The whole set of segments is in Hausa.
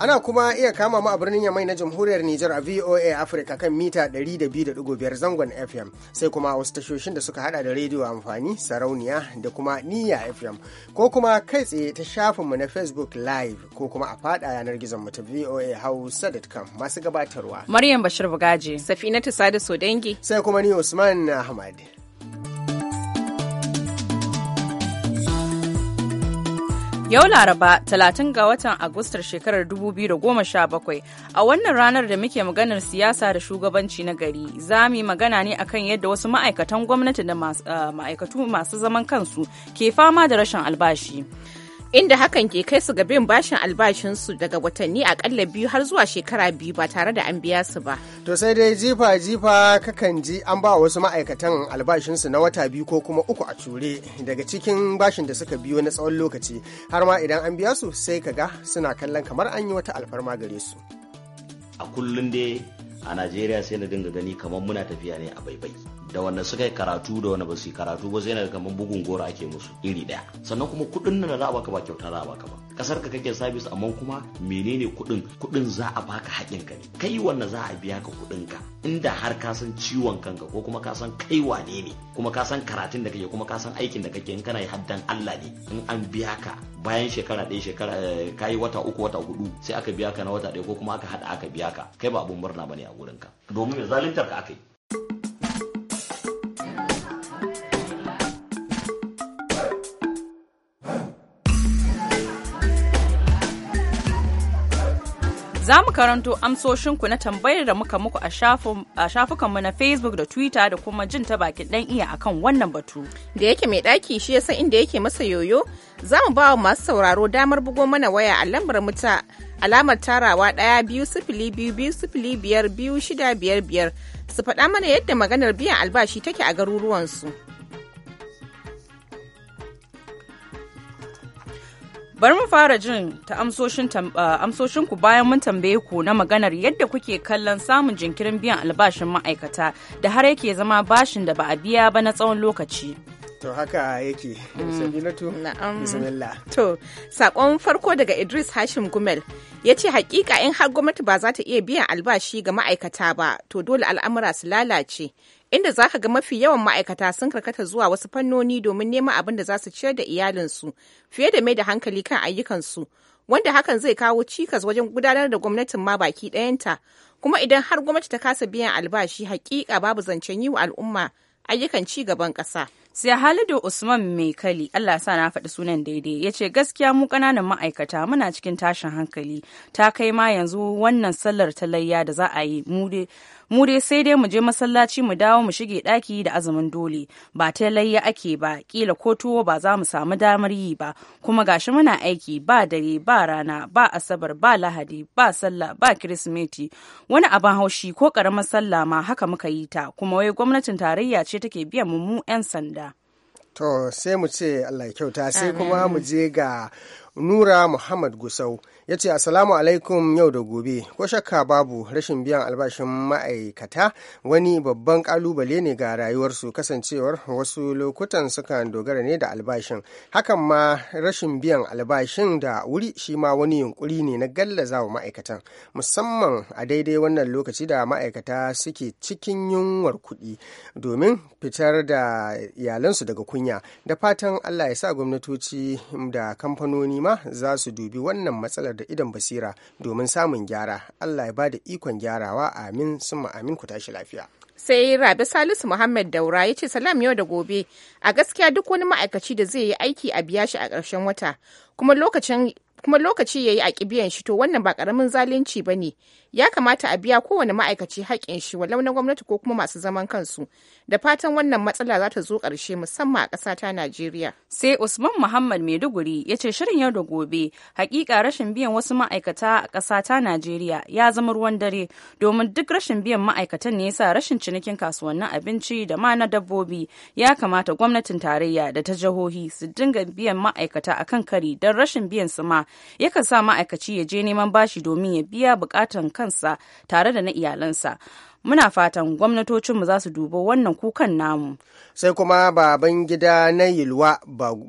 Ana kuma iya kama mu a birnin Yamai na Jamhuriyar Nijar a VOA Africa kan mita biyar zangon FM sai kuma wasu tashoshin da suka hada da rediyo amfani sarauniya da kuma niya FM ko kuma kai tsaye ta shafinmu na Facebook Live ko kuma a fada yanar gizon mu ta VOA Hausa.com masu gabatarwa. Maryam Bashir Bugaji, Safinatu Sada dangi. sai kuma ni Usman Ahmad. Yau Laraba 30 ga watan Agustar shekarar 2017 a wannan ranar da muke maganar siyasa da shugabanci na gari za mu yi magana ne akan yadda wasu ma'aikatan gwamnati da ah, ma'aikatu masu zaman kansu ke fama da rashin albashi. inda hakan ke kai su ga bin bashin albashinsu daga watanni akalla biyu har zuwa shekara biyu ba tare da an biya su ba. To sai dai jifa jifa kakan ji an ba wasu ma'aikatan albashinsu na wata biyu ko kuma uku a ture daga cikin bashin da suka biyo na tsawon lokaci har ma idan an biya su sai ka ga suna kallon kamar an yi wata alfarma gare su. A kullum dai a Najeriya sai na dinga gani kamar muna tafiya ne a baibai. da wanda suka yi karatu da wanda ba su yi karatu ba sai na kamar bugun gora ake musu iri daya sannan kuma kuɗin nan da za a baka ba kyauta za a baka ba kasar ka kake sabis amma kuma menene kuɗin kuɗin za a baka haƙin ka ne kai wanda za a biya ka kuɗin ka inda har ka san ciwon kanka ko kuma ka san kai wane ne kuma ka san karatun da kake kuma ka san aikin da kake in kana yi haddan Allah ne in an biya ka bayan shekara ɗaya shekara eh, kayi wata uku wata hudu sai aka biya ka na wata ɗaya ko kuma aka haɗa aka biya ka kai ba abun murna bane a gurin ka domin zaluntar ka aka yi Za mu karanto amsoshinku na tambayar da muka muku a shafukanmu na Facebook da Twitter da kuma jin ta bakin ɗan iya akan wannan batu. Da yake mai daki shi ya inda yake masa yoyo, za mu ba wa masu sauraro damar bugo mana waya a lambar muta alamar tarawa ɗaya biyu sifili biyu biyu sifili biyar biyu shida biyar biyar su faɗa mana yadda maganar biyan albashi take a garuruwansu. Bari mu fara jin ta amsoshin ku bayan mun tambaye ku na maganar yadda kuke kallon samun jinkirin biyan albashin ma'aikata da har yake zama bashin da ba a biya ba na tsawon lokaci. To haka yake, mm. Sabinatu, bismillah. To, sakon farko daga Idris Hashim Gumel ya ce hakika in har gwamnati ba za ta iya biyan albashi ga ma'aikata ba, to dole al'amura su lalace. inda za ka ga mafi yawan ma'aikata sun karkata zuwa wasu fannoni domin neman abin da za su ciyar da iyalinsu fiye da mai da hankali kan ayyukansu wanda hakan zai kawo cikas wajen gudanar da gwamnatin ma baki ɗayanta kuma idan har gwamnati ta kasa biyan albashi hakika babu zancen yi wa al'umma ayyukan ci gaban ƙasa. sai halidu usman mai kali allah sa na faɗi sunan daidai ya ce gaskiya mu ƙananan ma'aikata muna cikin tashin hankali ta kai ma yanzu wannan sallar ta layya da za a yi mu mu dai sai dai mu je masallaci mu dawo mu shige daki da azumin dole ba ta layya ake ba kila ko tuwo ba za mu samu damar yi ba kuma gashi muna aiki ba dare ba rana ba asabar ba lahadi ba sallah ba kirismeti wani abin haushi ko karamar sallah ma haka muka yi ta kuma wai gwamnatin tarayya ce take biyan mu 'yan sanda. To sai mu ce Allah ya kyauta sai kuma mu je ga Nura Muhammad Gusau ya ce Assalamu alaikum yau da gobe ko shakka babu rashin biyan albashin ma'aikata wani babban kalubale ne ga rayuwarsu kasancewar wasu lokutan sukan dogara ne da albashin hakan ma rashin biyan albashin da wuri shi ma wani yunkuri ne na gallaza wa ma'aikatan musamman a daidai wannan lokaci da ma'aikata suke cikin yunwar kuɗi domin fitar da iyalansu daga kunya da fatan Allah ya sa gwamnatoci da kamfanoni ma za su dubi wannan matsalar da idan basira domin samun gyara allah ya ba da ikon gyarawa amin sun amin ku tashi lafiya sai rabe salisu muhammad daura ya ce salam yau da gobe a gaskiya duk wani ma'aikaci da zai yi aiki a biya shi a ƙarshen wata kuma lokacin kuma lokaci ya yi a kibiyan shi to wannan ba karamin zalunci ba ne ya kamata a biya kowane ma'aikaci haƙƙin shi wa na gwamnati ko kuma masu zaman kansu da fatan wannan matsala za ta zo ƙarshe musamman a ƙasata ta najeriya sai usman muhammad maiduguri ya ce shirin yau da gobe hakika rashin biyan wasu ma'aikata a ƙasata ta najeriya ya zama ruwan dare domin duk rashin biyan ma'aikatan ne yasa rashin cinikin kasuwannin abinci da ma na dabbobi ya kamata gwamnatin tarayya da ta jihohi su dinga biyan ma'aikata akan kari don rashin biyan su ma yakan sa ma'aikaci ya je neman bashi domin ya biya bukatan kansa tare da na iyalansa muna fatan gwamnatocinmu za su dubo wannan kukan namu sai kuma baban gida na yilwa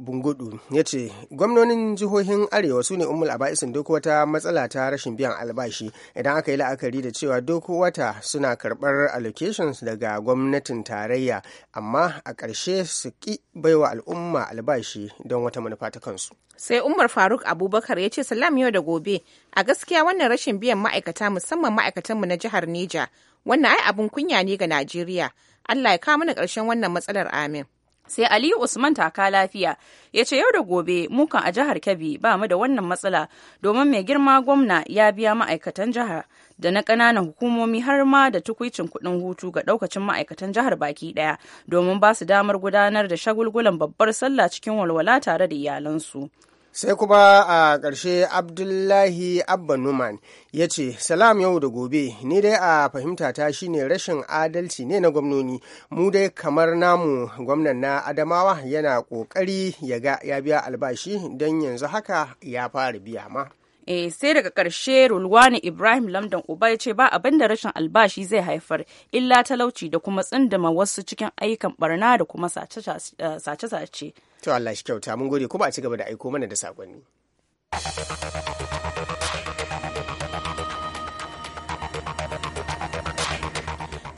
bungudu ya ce gwamnonin jihohin arewa su ne umul aba'isin duk wata matsala ta rashin biyan albashi idan aka yi la'akari da cewa duk wata suna karbar allocations daga gwamnatin tarayya amma a ƙarshe su ki baiwa al'umma albashi don wata manufa ta kansu sai umar faruk abubakar ya ce salam yau da gobe a gaskiya wannan rashin biyan ma'aikata musamman ma'aikatanmu na jihar neja wannan ai abin kunya ne ga najeriya allah ya kawo mana ƙarshen wannan matsalar amin sai Aliyu usman taka lafiya ya ce yau da gobe mukan a jihar kebbi ba mu da wannan matsala domin mai girma gwamna ya biya ma'aikatan jihar da na ƙananan hukumomi har ma da tukwicin kuɗin hutu ga ɗaukacin ma'aikatan jihar baki ɗaya domin ba su damar gudanar da shagulgulan babbar sallah cikin walwala tare da iyalansu. sai kuma a ƙarshe abdullahi abba numan ya ce salam yau da gobe ni dai a fahimta fahimtata shine rashin adalci ne na gwamnoni mu dai kamar namu gwamnan na adamawa yana ƙoƙari ya ga ya biya albashi don yanzu haka ya fara biya ma e sai daga ƙarshe rulwani ibrahim lamdan uba ya ce ba abin da rashin albashi zai haifar illa talauci da kuma tsindama wasu cikin ayyukan barna da kuma sace-sace eh, To Allah shi kyauta mun gode kuma a ci gaba da aiko mana da sakonni.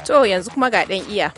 To yanzu kuma ga ɗan iya.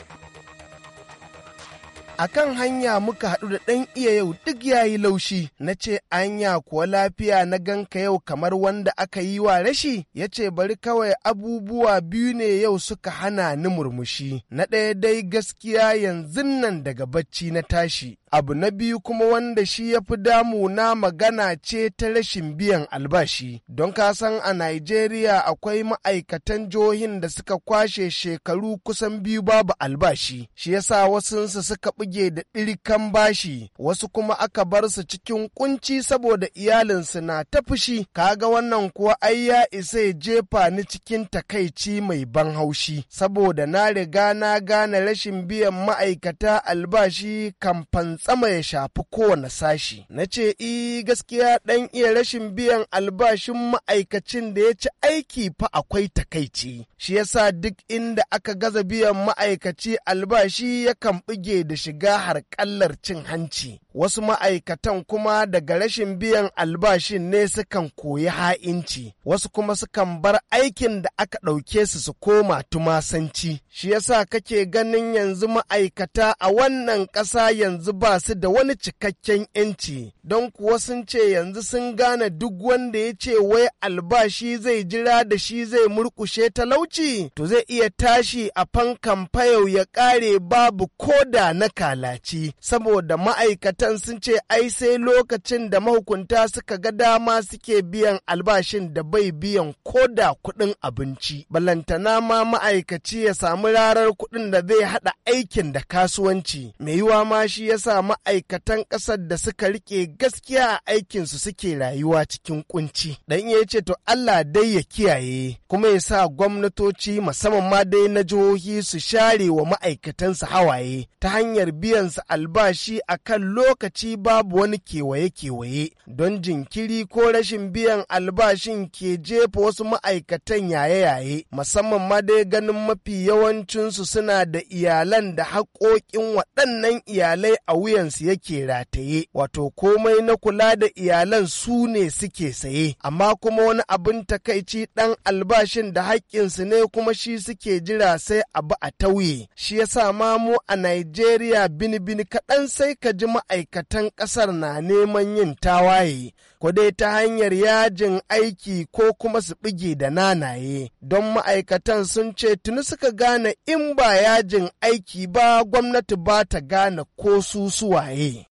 a kan hanya muka haɗu da ɗan iya yau duk yayi laushi na ce anya kuwa lafiya na ganka yau kamar wanda aka yi wa rashi ya ce bari kawai abubuwa biyu ne yau suka hana ni murmushi na ɗaya dai gaskiya yanzu nan daga bacci na tashi abu na biyu kuma wanda shi ya fi damu na magana ce ta rashin biyan albashi don ka san a Najeriya akwai ma'aikatan jihohin da suka kwashe shekaru kusan biyu babu albashi shi yasa wasu suka buge da ɗirikan bashi wasu kuma aka bar su cikin kunci saboda iyalinsu na ta fushi kaga wannan kuwa ai ya isa ya jefa ni cikin takaici mai ban haushi saboda na riga na gane rashin biyan ma'aikata albashi kan fantsama ya shafi kowane sashi na ce i e, gaskiya ɗan iya rashin biyan albashin ma'aikacin da ya ci aiki fa akwai takaici shi yasa duk inda aka gaza biyan ma'aikaci albashi yakan buge da shiga shiga harƙallar cin hanci. Wasu ma'aikatan kuma daga rashin biyan albashin ne sukan koyi ha'inci, wasu kuma sukan bar aikin da aka ɗauke su su koma tumasanci. Shi yasa kake ganin yanzu ma'aikata a wannan ƙasa yanzu ba su da wani cikakken 'yanci, don kuwa sun ce yanzu sun gane duk wanda ya ce wai albashi zai jira da shi zai murkushe talauci, to zai iya tashi a fankan fayau ya ƙare babu koda na kalaci saboda ma'aikatan sun ce ai sai lokacin da mahukunta suka ga dama suke biyan albashin da bai biyan ko da kuɗin abinci balantana ma ma'aikaci ya samu rarar kuɗin da zai haɗa aikin da kasuwanci mai yiwa ma shi ya sa ma'aikatan ƙasar da suka riƙe gaskiya a aikinsu suke rayuwa cikin kunci dan ya ce to Allah dai ya kiyaye kuma ya sa gwamnatoci musamman ma dai na jihohi su share wa ma'aikatansu hawaye ta hanyar biyansa albashi a kan lokaci babu wani kewaye-kewaye don jinkiri ko rashin biyan albashin ke jefa wasu ma'aikatan yaye-yaye musamman ma dai ganin mafi yawancinsu suna da iyalan da haƙoƙin waɗannan iyalai a wuyansu yake rataye wato komai na kula da iyalan su ne suke saye amma kuma wani abin takaici ɗan albashin da haƙƙinsu ne kuma shi suke jira sai abu a tauye shi yasa ma mu a Najeriya bini-bini kaɗan sai ka ji ma'aikatan ƙasar na neman yin tawa tawaye ko dai ta hanyar yajin aiki ko kuma su bige da nanaye don ma'aikatan sun ce tuni suka gane in ba yajin aiki ba gwamnati ba ta gane ko su suwaye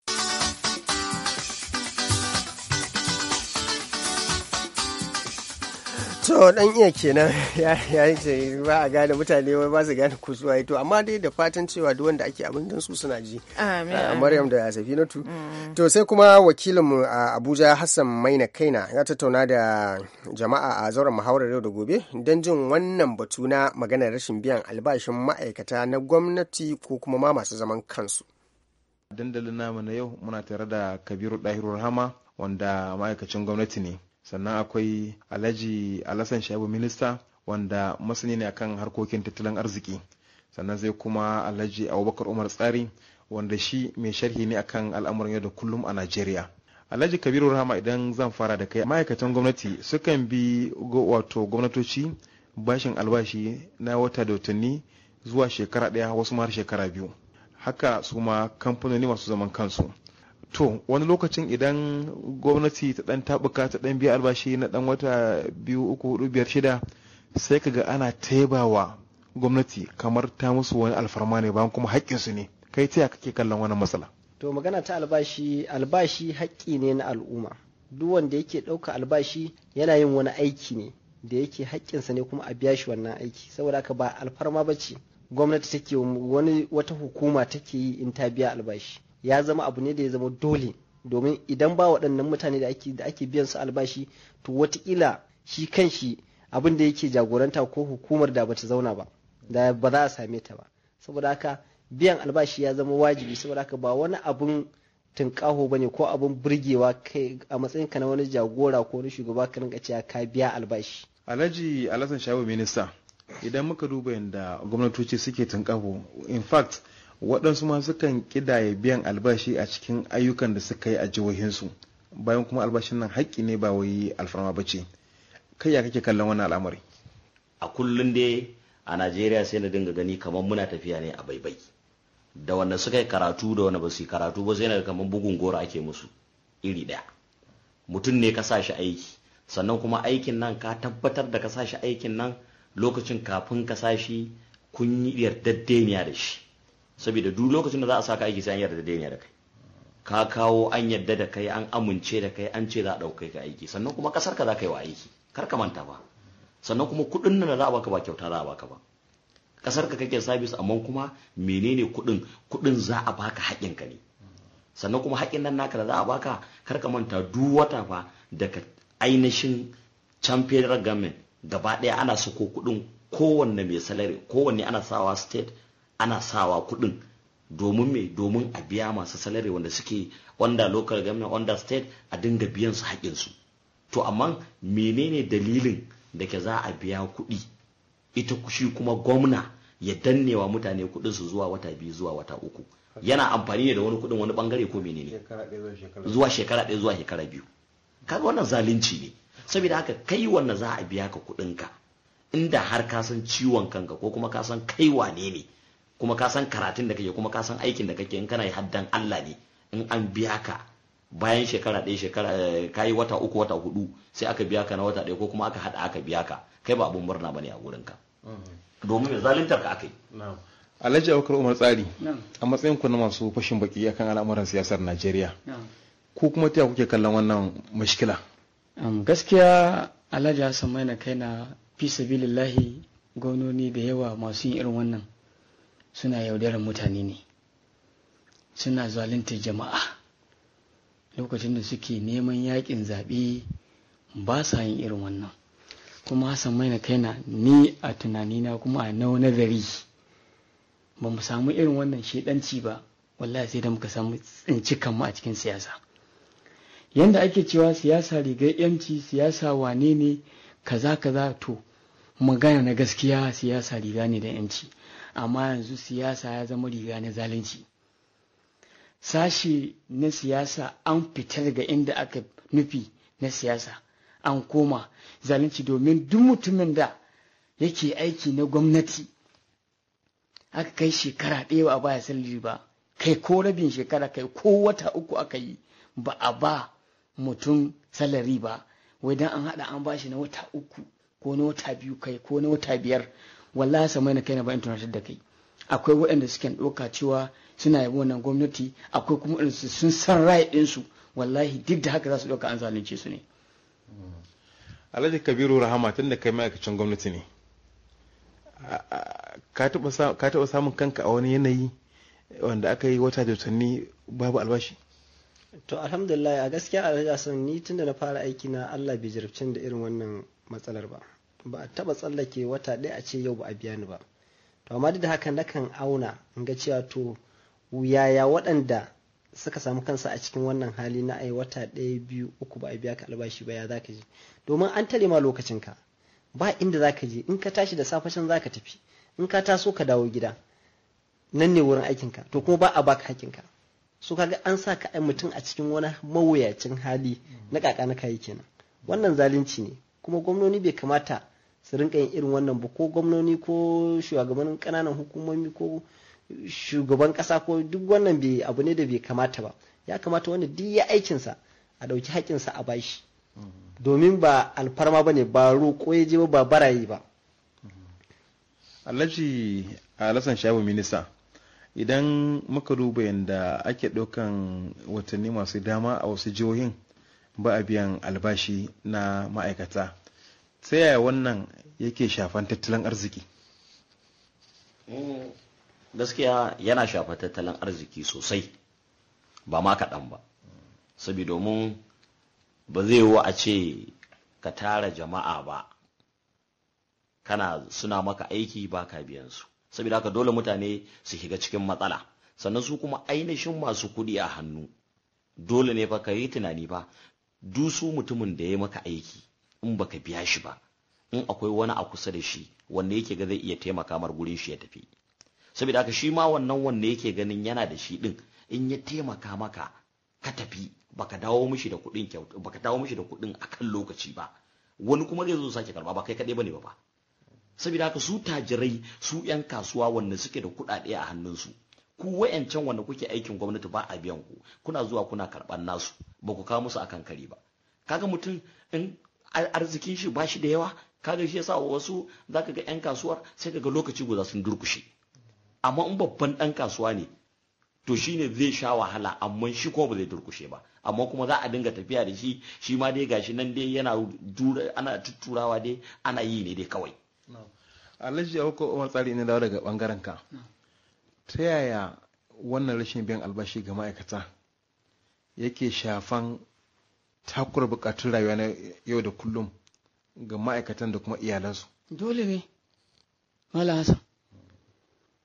to dan iya kenan ya ce ba a gane mutane ba su gane kusuwa to amma dai da fatan cewa duk wanda ake abin su suna ji ah, maryam da safinatu mm. to sai kuma wakilinmu a abuja hassan na kaina ya tattauna da jama'a a zauren muhawarar yau da gobe don jin wannan batu na maganar rashin biyan albashin ma'aikata na gwamnati ko kuma ma masu zaman kansu dandalin namu na yau muna tare da kabiru dahiru rahama wanda ma'aikacin gwamnati ne sannan akwai alhaji alasan shaibu minista wanda masani ne akan harkokin tattalin arziki sannan zai kuma alhaji abubakar umar tsari wanda shi mai sharhi ne akan al'amuran yau da kullum a najeriya alhaji kabiru rahama idan zan fara da kai ma'aikatan gwamnati sukan bi wato gwamnatoci bashin albashi na wata da watanni zuwa shekara ɗaya wasu har shekara biyu haka su ma kamfanoni masu zaman kansu to wani lokacin idan gwamnati ta dan tabuka ta dan biya albashi na dan wata biyu uku hudu biyar shida sai ka ga ana taibawa gwamnati kamar ta musu wani alfarma ne bayan kuma haƙƙinsu ne kai ta kake kallon wani matsala to magana ta albashi albashi haƙƙi ne na al'umma duk wanda yake ɗauka albashi yana yin wani aiki ne da yake haƙƙinsa ne kuma a biya shi wannan aiki saboda haka ba alfarma ba ce gwamnati take wani wata hukuma take yi in ta biya albashi ya zama abu ne da ya zama dole domin idan ba waɗannan mutane da ake da ake biyan su albashi to wata watakila shi kan shi abin da yake jagoranta ko hukumar da bata zauna ba da ba za a same ta ba saboda haka biyan albashi ya zama wajibi saboda haka ba wani abun tunƙaho bane ko abun burgewa kai a matsayin ka na wani jagora ko wani shugaba ka rinka cewa ka biya albashi alhaji alhassan shawo minista idan muka duba yadda gwamnatoci suke tunƙaho in fact waɗansu ma sukan ya biyan albashi a cikin ayyukan da suka yi a jihohinsu bayan kuma albashin nan haƙƙi ne ba wai alfarma ba ce kai ya kake kallon wannan al'amari a kullum dai a najeriya sai na dinga gani kamar muna tafiya ne a baibai da wanda suka yi karatu da wanda ba su yi karatu ba sai na kamar bugun goro ake musu iri ɗaya mutum ne ka sa shi aiki sannan kuma aikin nan ka tabbatar da ka sa shi aikin nan lokacin kafin ka sa shi kun yi yardaddeniya da shi saboda duk lokacin da za a saka aiki sai an yarda da da kai ka kawo an yarda da kai an amince da kai an ce za a ɗaukai ka aiki sannan kuma ƙasar ka za ka yi wa aiki kar ka manta ba sannan kuma kuɗin nan da za a baka ba kyauta za a baka ba ƙasar ka kake sabis amma kuma menene kuɗin kuɗin za a baka haƙin ka ne sannan kuma haƙƙin nan naka da za a baka kar ka manta duk wata fa daga ainihin champion government gaba ɗaya ana sako kuɗin kowanne mai salari kowanne ana sawa state ana sawa kuɗin domin me domin a biya masu salari wanda suke under local government under state a dinga biyan su haƙin su to amma menene dalilin da ke za a biya kuɗi ita shi kuma gwamna ya dannewa mutane kuɗin su zuwa wata biyu zuwa wata uku yana amfani ne da wani kuɗin wani bangare ko menene zuwa shekara ɗaya zuwa shekara biyu kaga wannan zalunci ne saboda haka kai wanda za a biya ka kuɗinka inda har ka san ciwon kanka ko kuma ka san kai wane ne kuma ka san karatun da kake kuma ka san aikin da kake in kana haddan Allah ne in an biya ka bayan shekara ɗaya shekara eh, ka yi wata uku wata hudu sai aka biya ka na wata ɗaya ko kuma aka hada aka biya ka kai ba abun murna bane a gurin ka mm-hmm. domin zaluntar ka aka yi Alhaji Abubakar Umar Tsari a matsayin ku na masu fashin baki akan al'amuran siyasar Najeriya ko kuma ta kuke kallon wannan mashkila gaskiya Alhaji Hassan kai na, fi sabilillahi gwamnoni da yawa masu yin irin wannan suna yaudarar mutane ne suna zalunta jama'a lokacin da suke neman yakin zaɓe ba sa yin irin wannan kuma hassan maina kaina ni a tunani na kuma a nau nazari ba mu samu irin wannan shaidanci ba wallahi sai da muka samu tsinci mu a cikin siyasa yanda ake cewa siyasa rigar yanci siyasa wane ne kaza kaza to magana na gaskiya siyasa riga ne da yanci amma yanzu siyasa ya zama riga na zalunci sashi na siyasa an fitar daga inda aka nufi na siyasa an koma zalunci domin duk mutumin da yake aiki na gwamnati aka kai shekara ɗaya ba a baya salari ba kai ko rabin shekara kai ko wata uku aka yi ba a ba mutum salari ba wai dan an haɗa an bashi na wata uku ko na wata biyu kai ko na wata biyar wallahi sama na kai na ba tunatar da kai akwai waɗanda suke ɗauka cewa suna yabo wannan gwamnati akwai kuma waɗanda sun san rai ɗinsu wallahi duk da haka za su ɗauka an zalunce su ne. alhaji kabiru rahama tun da kai ma'aikacin gwamnati ne ka taɓa samun kanka a wani yanayi wanda aka yi wata da watanni babu albashi to alhamdulillah a gaskiya alhaji hassan ni tun da na fara aiki na allah bai jarabcin da irin wannan matsalar ba ba a taba tsallake wata ɗaya a ce yau ba a biya ni ba to amma duk da haka nakan auna in ga cewa to yaya waɗanda suka samu kansa a cikin wannan hali na ai wata ɗaya biyu uku ba a biya ka albashi ba ya zaka je domin an tare ma lokacin ka ba inda zaka je in ka tashi da safe can zaka tafi in ka taso ka dawo gida nan ne wurin ka to kuma ba a baka hakinka so kaga an sa ka ai mutum a cikin wani mawuyacin hali na kaka na kayi kenan wannan zalunci ne kuma gwamnoni bai kamata su rinka yin irin wannan ba ko gwamnoni ko shugabannin kananan hukumomi ko shugaban ƙasa ko duk wannan bai abu ne da bai kamata ba ya kamata wanda duk ya aikinsa a ɗauki sa a bashi domin ba alfarma ba ne ba roƙo ya je ba barayi ba alhaji alasan shabu minista idan muka duba yadda ake ɗaukan watanni masu dama a wasu jihohin ba a biyan albashi na ma'aikata sai yaya wannan yake shafan tattalin arziki mm, gaskiya yana shafa tattalin arziki sosai ba ma kaɗan ba sabi domin ba zai yiwu a ce ka tara jama'a ba kana suna maka aiki ba ka biyan su saboda haka dole mutane su shiga cikin matsala sannan su kuma ainihin masu kuɗi a hannu dole ne fa ka yi tunani ba dusu mutumin da ya maka aiki in baka biya shi ba in akwai wani a kusa da shi wanda yake ga zai iya taimaka mar gurin shi ya tafi saboda haka shi ma wannan wanda yake ganin yana da shi din in ya taimaka maka ka tafi baka dawo mishi da kuɗin a baka dawo mishi da kuɗin akan lokaci ba wani kuma zai zo sake karba ba kai kaɗai bane ba ba saboda haka su tajirai su yan kasuwa wanda suke da kuɗaɗe a hannunsu ku wayancan wanda kuke aikin gwamnati ba a biyan ku kuna zuwa kuna karɓar nasu ba ku kawo musu a kari ba kaga mutum in arzikin shi ba shi da yawa kaga shi yasa wasu zaka ga yan kasuwar sai ka ga lokaci guda sun durkushe amma in babban dan kasuwa ne to shine zai sha wahala amma shi ko ba zai durkushe ba amma kuma za a dinga tafiya da shi shi ma dai gashi nan dai yana ana tutturawa dai ana yi ne dai kawai alhaji ya ko umar tsari ne dawo daga bangaren ka ta yaya wannan rashin biyan albashi ga ma'aikata yake shafan takura bukatun rayuwa na yau da kullum ga ma'aikatan da kuma iyalansu dole ne mala hasa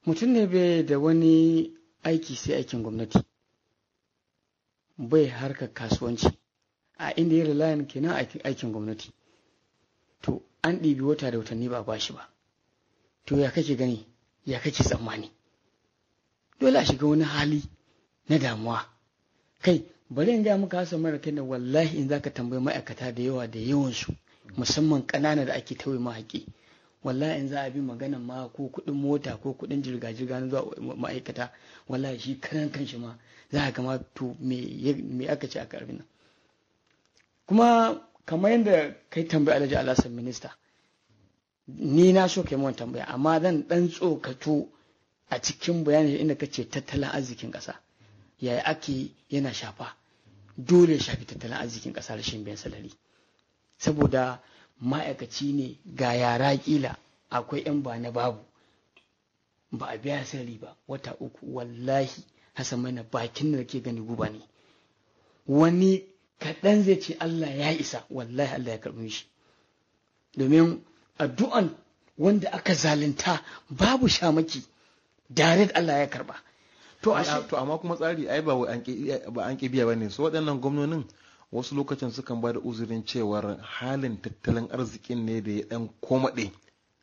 mutum ne bai da wani aiki sai aikin gwamnati bai harka kasuwanci a inda ya rilayan kenan aikin gwamnati to an ɗibi wata da watanni ba bashi ba to ya kake gani ya kake tsammani dole a shiga wani hali na damuwa kai bari in gaya muka hasa mara kai da wallahi in zaka tambayi ma'aikata da yawa da yawan su musamman ƙanana da ake tauye ma haƙi wallahi in za a bi maganan ma ko kuɗin mota ko kuɗin jirga-jirga na zuwa ma'aikata wallahi shi karan kanshi ma za a gama to me aka ce a karfi nan kuma kamar yadda kai tambaya alhaji alhassan minista ni na so kai mun tambaya amma zan dan tsokato a cikin bayanin inda ka ce tattalin arzikin ƙasa yaya ake yana shafa dole ya shafi tattalin arzikin ƙasa shin biyan salari saboda ma'aikaci ne ga yara kila akwai 'yan ba na babu ba a biya salari ba wata uku wallahi hasan mana bakin da ke gani guba ne wani kaɗan zai ce Allah ya isa wallahi Allah ya karɓi shi domin addu'an wanda aka zalunta babu shamaki direct Allah ya karɓa to amma kuma tsari ai ba an ƙi biya ba ne su waɗannan gwamnonin wasu lokacin sukan ba da uzurin cewar halin tattalin arzikin ne da ya ɗan komaɗe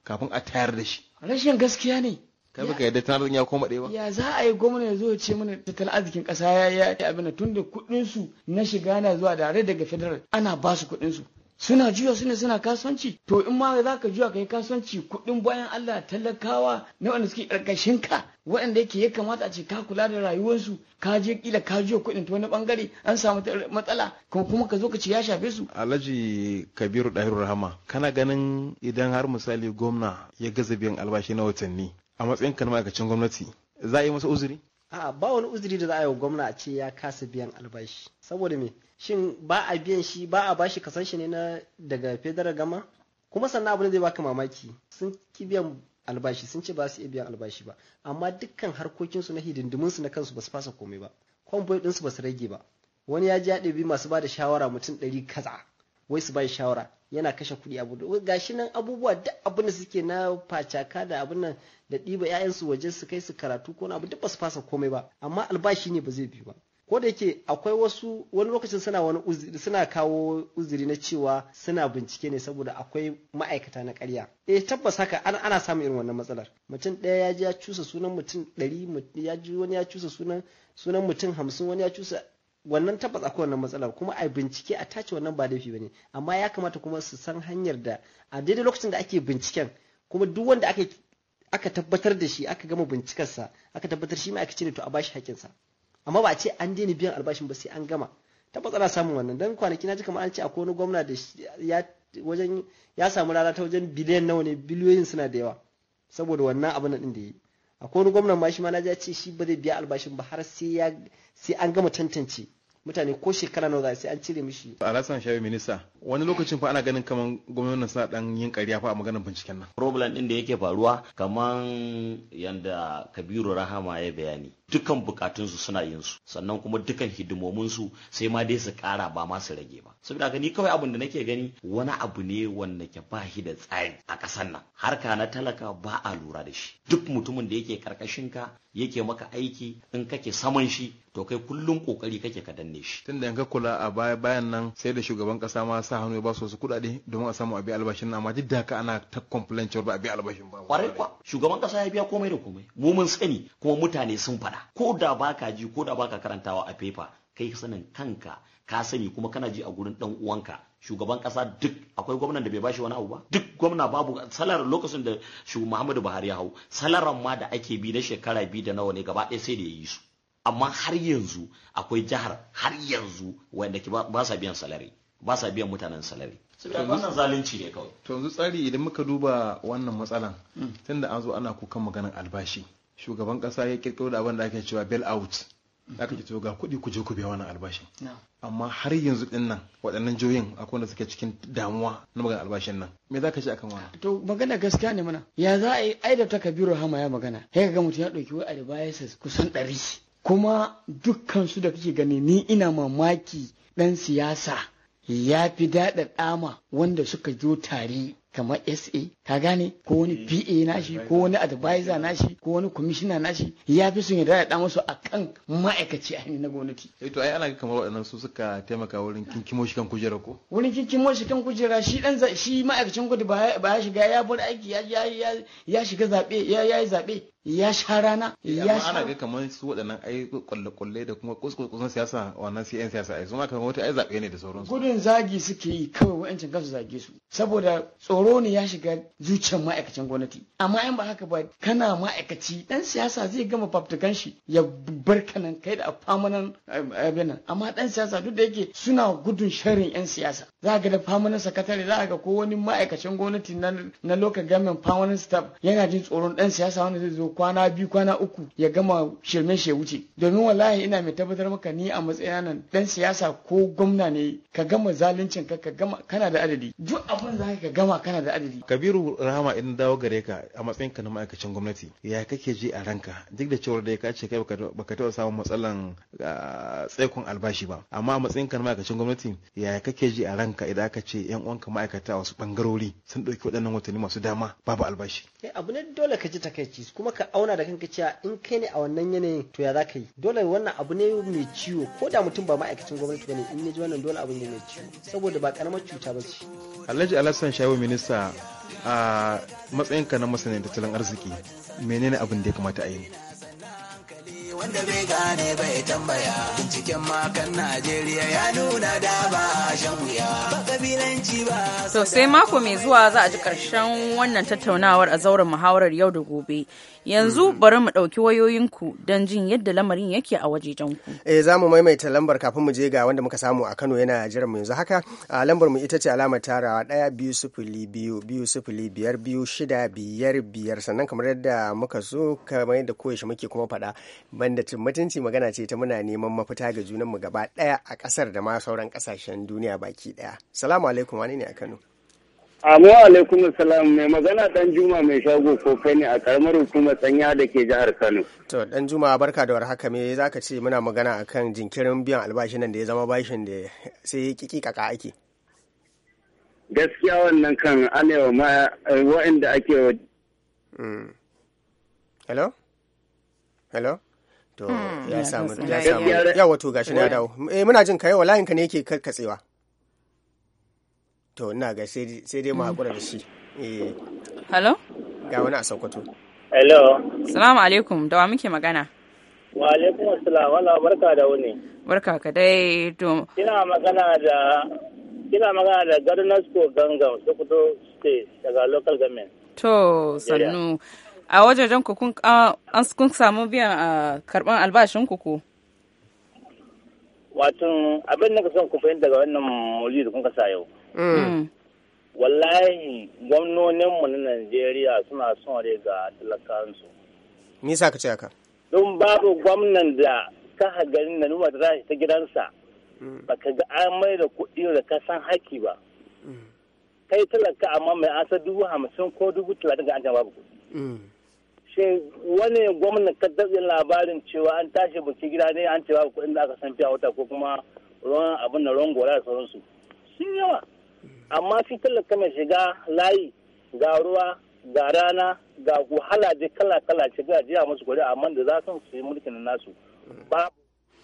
kafin a tayar da shi rashin gaskiya ne kai baka yadda tana ya koma ɗaya ba ya za a yi gwamna ya zo ya ce mana tattalin arzikin ƙasa ya yi abin tun da kuɗin su na shiga na zuwa da daga federal ana ba su kuɗin su suna juya suna suna kasuwanci to in ma za ka juya ka yi kasuwanci kuɗin bayan Allah talakawa na wanda suke ƙarƙashin ka waɗanda yake ya kamata a ce ka kula da rayuwarsu ka je kila ka juya kuɗin ta wani bangare an samu matsala kuma kuma ka zo ka ce ya shafe su. Alhaji Kabiru Ɗahiru Rahama kana ganin idan har misali gwamna ya gaza biyan albashi na watanni a matsayin kan ma'aikacin gwamnati za a yi masa uzuri? a'a ba wani uzuri da za a yi wa gwamna a ce ya kasa biyan albashi saboda me shin ba a biyan shi ba a bashi kasan shi ne na daga federal gama kuma sannan abin zai baka mamaki sun ki biyan albashi sun ce ba su iya biyan albashi ba amma dukkan harkokinsu na hidindiminsu na kansu ba su fasa komai ba kwamfai ɗinsu ba su rage ba wani ya ji ya ɗabi masu ba da shawara mutum ɗari kaza wai su ba shawara yana kashe kuɗi abu Ga shi nan abubuwa duk abin da suke na facaka da abin nan da ɗiba 'ya'yansu waje su kai su karatu ko abu duk ba fasa komai ba amma albashi ne ba zai biyu ba ko da yake akwai wasu wani lokacin suna wani uzuri suna kawo uziri na cewa suna bincike ne saboda akwai ma'aikata na karya. eh tabbas haka ana, ana samun irin wannan matsalar mutum ɗaya ya ji ya cusa sunan mutum ɗari ya ji wani ya cusa sunan mutum hamsin wani ya cusa wannan tabbas akwai wannan matsalar kuma a bincike a tace wannan ba laifi bane amma ya kamata kuma su san hanyar da a daidai lokacin da ake binciken kuma duk wanda aka aka tabbatar da shi aka gama sa aka tabbatar shi ma aka ce ne to a bashi sa amma ba a ce an daina biyan albashin ba sai an gama tabbas ana samun wannan dan kwanaki na ji kamar an ce akwai wani gwamna da ya wajen ya samu rana ta wajen biliyan nawa ne biliyoyin suna da yawa saboda wannan abin din da yi akwai wani gwamnan ma shi ma na ji ce shi ba zai biya albashin ba har sai ya sai an gama tantance mutane ko shekara nawa sai an cire mishi alasan shawi minista wani lokacin fa ana ganin kaman gwamnatin suna dan yin ƙarya fa a maganar binciken nan problem din da yake faruwa kaman yanda kabiru rahama ya bayani dukan bukatunsu suna yin su sannan kuma dukan hidimominsu sai ma dai su kara ba ma su rage ba saboda gani ni kawai abin da nake gani wani abu ne wanda ke ba da tsari a kasan nan harka na talaka ba a lura da shi duk mutumin da yake karkashin ka yake maka aiki in kake saman shi to kai kullum kokari kake ka danne shi tunda in ka kula a baya bayan nan sai da shugaban kasa ma sa hannu ba su kuɗaɗe domin a samu abi albashin nan amma duk da ka ana ta complain cewa ba abi albashin ba kwarai kwa shugaban kasa ya biya komai da komai mu mun sani kuma mutane sun faɗa faɗa ko da baka ji ko da baka karantawa a fefa kai sanin kanka ka sani kuma kana ji a gurin dan uwanka shugaban ƙasa duk akwai gwamnan da bai bashi wani abu ba duk gwamna babu salar lokacin da shugaban Muhammadu Buhari ya hau salaran ma da ake bi na shekara bi da nawa ne gaba ɗaya sai da yayi su amma har yanzu akwai jihar har yanzu wanda ba sa biyan salari ba sa biyan mutanen salari wannan zalunci ne kawai to yanzu tsari idan muka duba wannan matsalan hmm. tunda an zo ana kukan maganar albashi shugaban kasa ya kirkiro da abin da ake cewa bail out da aka to ga kuɗi ku je ku biya wannan albashin amma har yanzu din nan waɗannan joyin akwai wanda suke cikin damuwa na magana albashin nan me za ka ce akan wannan to magana gaskiya ne mana ya za a yi ai da ta kabiru hama ya magana sai ga mutum ya ɗauki wai advices kusan ɗari kuma dukkan su da kake gani ni ina mamaki ɗan siyasa ya fi daɗa ɗama wanda suka jo tare kamar sa ka gane ko wani eh, pa nashi ko wani advisor nashi ko wani commissioner nashi ya fi sun yarda da musu akan ma'aikaci a na gwamnati eh to ai ana kamar waɗannan su suka taimaka wurin kinkimo shi kan kujera ko wurin kinkimo shi kan kujera shi dan shi ma'aikacin gudu ba ya shiga ya bar aiki ya ya shiga zabe ya yi zabe ya sha rana ya sha ana ga kamar su waɗannan ai kulle da kuma kuskusun siyasa wannan sai siyasa ai su ma kamar wata ai zaɓe ne da sauransu gudun zagi suke yi kawai wa'ancin kansu zage su saboda tsoro ne ya shiga zuciyar ma'aikacin gwamnati amma in ba haka ba kana ma'aikaci dan siyasa zai gama faftukan shi ya bar kanan kai da famanan eh, abinan amma dan siyasa duk da yake suna gudun sharrin yan siyasa za ga da famanan sakatare za ga ko wani ma'aikacin gwamnati na local government famanan staff yana jin tsoron dan siyasa wanda zai zo kwana biyu kwana uku ya gama shirme shi ya wuce domin wallahi ina mai tabbatar maka ni a matsayin nan dan siyasa ko gwamna ne ka gama zaluncin ka ka gama kana da adadi duk abin da ka gama kana da adadi kabiru rahama in dawo gare ka a matsayin ka na ma'aikacin gwamnati ya kake ji a ranka duk da cewar da ka ce kai baka taɓa samun matsalan tsaikon albashi ba amma a matsayin ka na ma'aikacin gwamnati ya kake ji a ranka idan aka ce yan uwanka ma'aikata wasu bangarori sun ɗauki waɗannan watanni masu dama babu albashi eh, abu ne dole ka ji takaici kuma ka ka auna da kanka cewa in kai ne a wannan yanayin to ya za ka yi dole wannan abu ne mai ciwo ko da mutum ba ma'aikacin gwamnati ba ne, in ya ji wannan dole abu ne mai ciwo saboda ba karamar cuta ba ce Alhaji Alhassan shawo minista a matsayinka na masanin tattalin arziki menene abin da ya kamata a yi wanda bai gane bai tambaya binciken makan Najeriya ya nuna da ba shan wuya ba kabilanci ba. To sai mako mai zuwa za a ji karshen wannan tattaunawar a zauren muhawarar yau da gobe. yanzu mm-hmm. bari mu ɗauki wayoyinku don jin yadda lamarin yake a waje ku. Eh za mu maimaita lambar kafin mu je ga wanda muka samu a Kano yana jiran mu yanzu haka a lambar mu ita ce alamar tarawa ɗaya biyu sifili biyu biyu sifili biyar biyu shida biyar biyar sannan kamar yadda muka so kamar yadda koyaushe muke kuma faɗa banda mutunci magana ce ta muna neman mafita ga junanmu gaba ɗaya a ƙasar da ma sauran ƙasashen duniya baki ɗaya. Salamu alaikum wani ne a Kano. Amo alaikum salam mai magana dan Juma mai shago ko kai ne a karamar hukumar sanya da ke jihar Kano. To dan Juma barka da warhaka me zaka ce muna magana akan jinkirin biyan albashin nan da ya zama bashin da sai kiki kaka ake. Gaskiya wannan kan anewa ma eh, wa'anda ake wa. Hmm. Hello? Hello? To hmm. ya samu ya samu. Ya wato gashi na dawo. Eh muna jin kai wallahi ka ne yake karkatsewa. to ina ga sai dai mu haƙura da shi eh. hello ga wani a sokoto hello salamu alaikum da wa muke magana wa alaikum assalam wala barka da wuni barka ka dai to ina magana da ina magana da school ganga sokoto state daga local government to sannu a wajajen ku kun an kun samu biyan a karban albashin ku ko wato abin da ka son ku fahimta daga wannan mulki da kun ka sa yau Mm. Mm. wallahi gwamnoninmu na najeriya suna son ga talakansu nisa ka ce haka don babu gwamnan da ka hagarin da numa da ta gidansa mm. ba ka ga amai da kuɗi da ka san haki ba kai talaka amma mai asa dubu hamsin ko dubu talatin ga an babu kuɗi shin wani gwamnan ka daɗe labarin cewa an tashi buki gida ne an ce babu kuɗin da aka san fiya wata ko kuma ruwan abin da ruwan gora da sauransu sun yawa amma shi talaka mai shiga layi ga ruwa ga rana ga wahala da kala kala shiga jiya musu gwada amma da za su yi mulkin nasu ba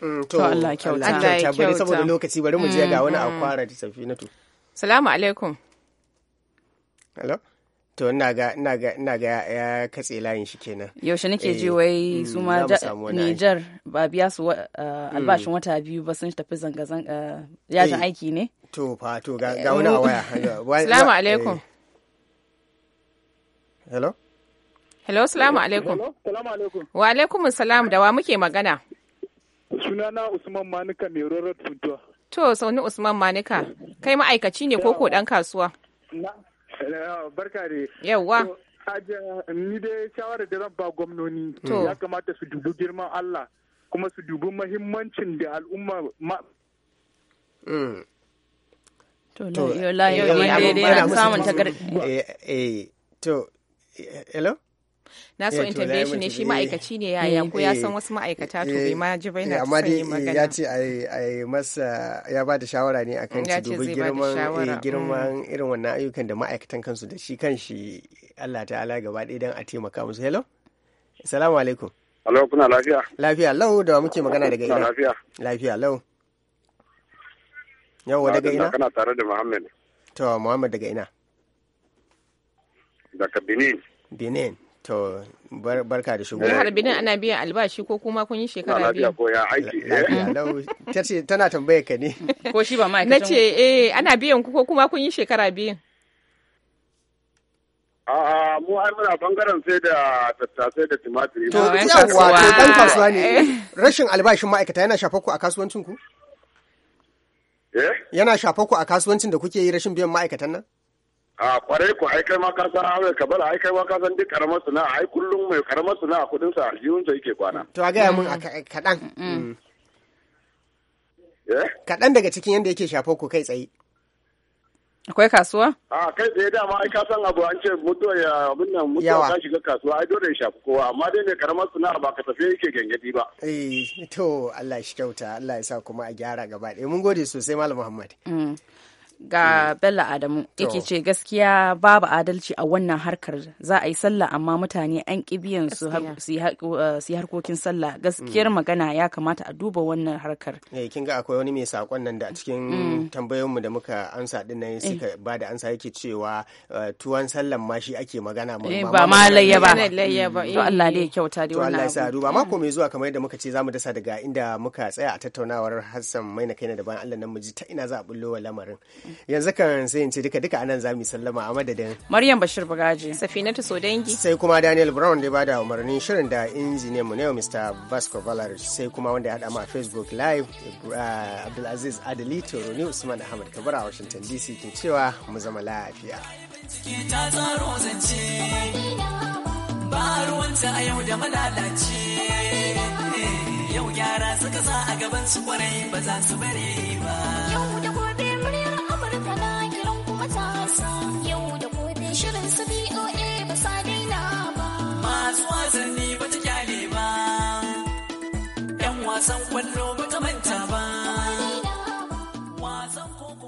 mm, to Allah kyauta Allah kyauta bari saboda lokaci bari mu je ga wani akwara mm. da to salamu alaikum hello to ina ga ina ga ina ga ya katse layin shi kenan yaushe nake ji eh, wai mm, su ma Niger ba biya su albashin wata biyu ba sun tafi zanga zanga eh, yajin eh. aiki ne to fa to ga eh. wani a waya eh. salamu alaikum hello hello salamu alaikum wa alaikum salam da wa muke magana sunana usman manika mai rorot tuntuwa. to sauni usman manika kai ma'aikaci ne ko ko kasuwa eh, barka da Aja, ni dai shawarar da zan ba gwamnoni ya kamata su dubi girman Allah kuma su dubi mahimmancin da al'umma ma. Mm. to layi daidai na samun eh, eh, to hello na so eh, intervention shi ne shi ma'aikaci ne ya ko ya san wasu ma'aikata to bai ma ji bai na amma magana ya ce ai masa ya ba da shawara ne akan ci dubi girman girman mm. irin wannan ayyukan da ma'aikatan kansu da shi kanshi Allah Allah ta'ala gaba ɗaya dan a taimaka musu hello assalamu alaikum hello kuna lafiya lafiya lau da muke magana daga ina lafiya lafiya lau Yawa daga ina? Kana tare da Muhammad. To, Muhammad daga ina? Daga Benin. Benin. To, barka da shigo. Jihar Benin ana biyan albashi ko kuma kun yi shekara biyu? Lafiya ko ya aiki. Eh? Lafiya tana tambaya ka ne. Ko shi ba ma ma'aikacin. Nace eh ana biyan ku ko kuma kun yi shekara biyu? A'a mu ai muna bangaren sai da tattasai da tumatiri. To, ah, yawa, to dan kasuwa ne. Eh. Rashin albashin ma'aikata yana shafa ku a kasuwancin ku? Eh? Yana shafa ku a kasuwancin da kuke yi rashin biyan ma'aikatan nan? A kwarai ku ai kai ma ka san awai ka bala ai kai ma ka san duk karamar sana'a ai kullum mai karamar sana'a kudin sa aljihun sa yake kwana. To a gaya mun a mm. kaɗan. Mm. Eh? Kaɗan daga cikin yadda yake shafa ku kai tsaye. Akwai kasuwa? A kai tsaye dama ai ka san abu an ce mutuwa ya abin nan mutuwa ka shiga kasuwa ai dole ya shafi kowa amma dai ne karamar sana'a ba ka tafiye yake gangadi ba. Eh to Allah shi kyauta Allah ya sa kuma a gyara gaba ɗaya mun gode sosai Malam Muhammad. Mm. ga Bello Adamu yake ce gaskiya babu adalci a wannan harkar za a yi sallah amma mutane an biyan uh, su yi harkokin sallah gaskiyar hmm. magana ya kamata a duba wannan harkar. Eh kin ga akwai wani mai saƙon nan da a cikin hmm. tambayoyinmu da muka ansa din nan suka eh. ba da ansa yake cewa uh, tuwon sallan ma shi ake magana eh, ba ma layya ba. To Allah dai eh. kyauta dai wannan. To Allah ya sa duba hmm. mako mai zuwa kamar yadda muka ce za mu dasa daga inda muka tsaya a tattaunawar Hassan Maina kaina da bayan Allah nan mu ji ta ina za a bullo lamarin. yanzu kan sai in ce duka duka anan za mu sallama a madadin Maryam Bashir Bagaji Safinatu Sodangi sai kuma Daniel Brown da bada umarnin shirin da injiniyan mu ne Mr. Vasco Valar sai kuma wanda ya hada ma Facebook Live eh, Abdulaziz Adali Toro ne Usman Ahmad Kabara a Washington DC ke cewa mu zama lafiya eh, yau gyara suka sa a gaban su kwarai ba za su bare ba. matasa yau da gobe shirin su BOA ba sa daina ba. Masu wasanni ba ta kyale ba, 'yan wasan kwallo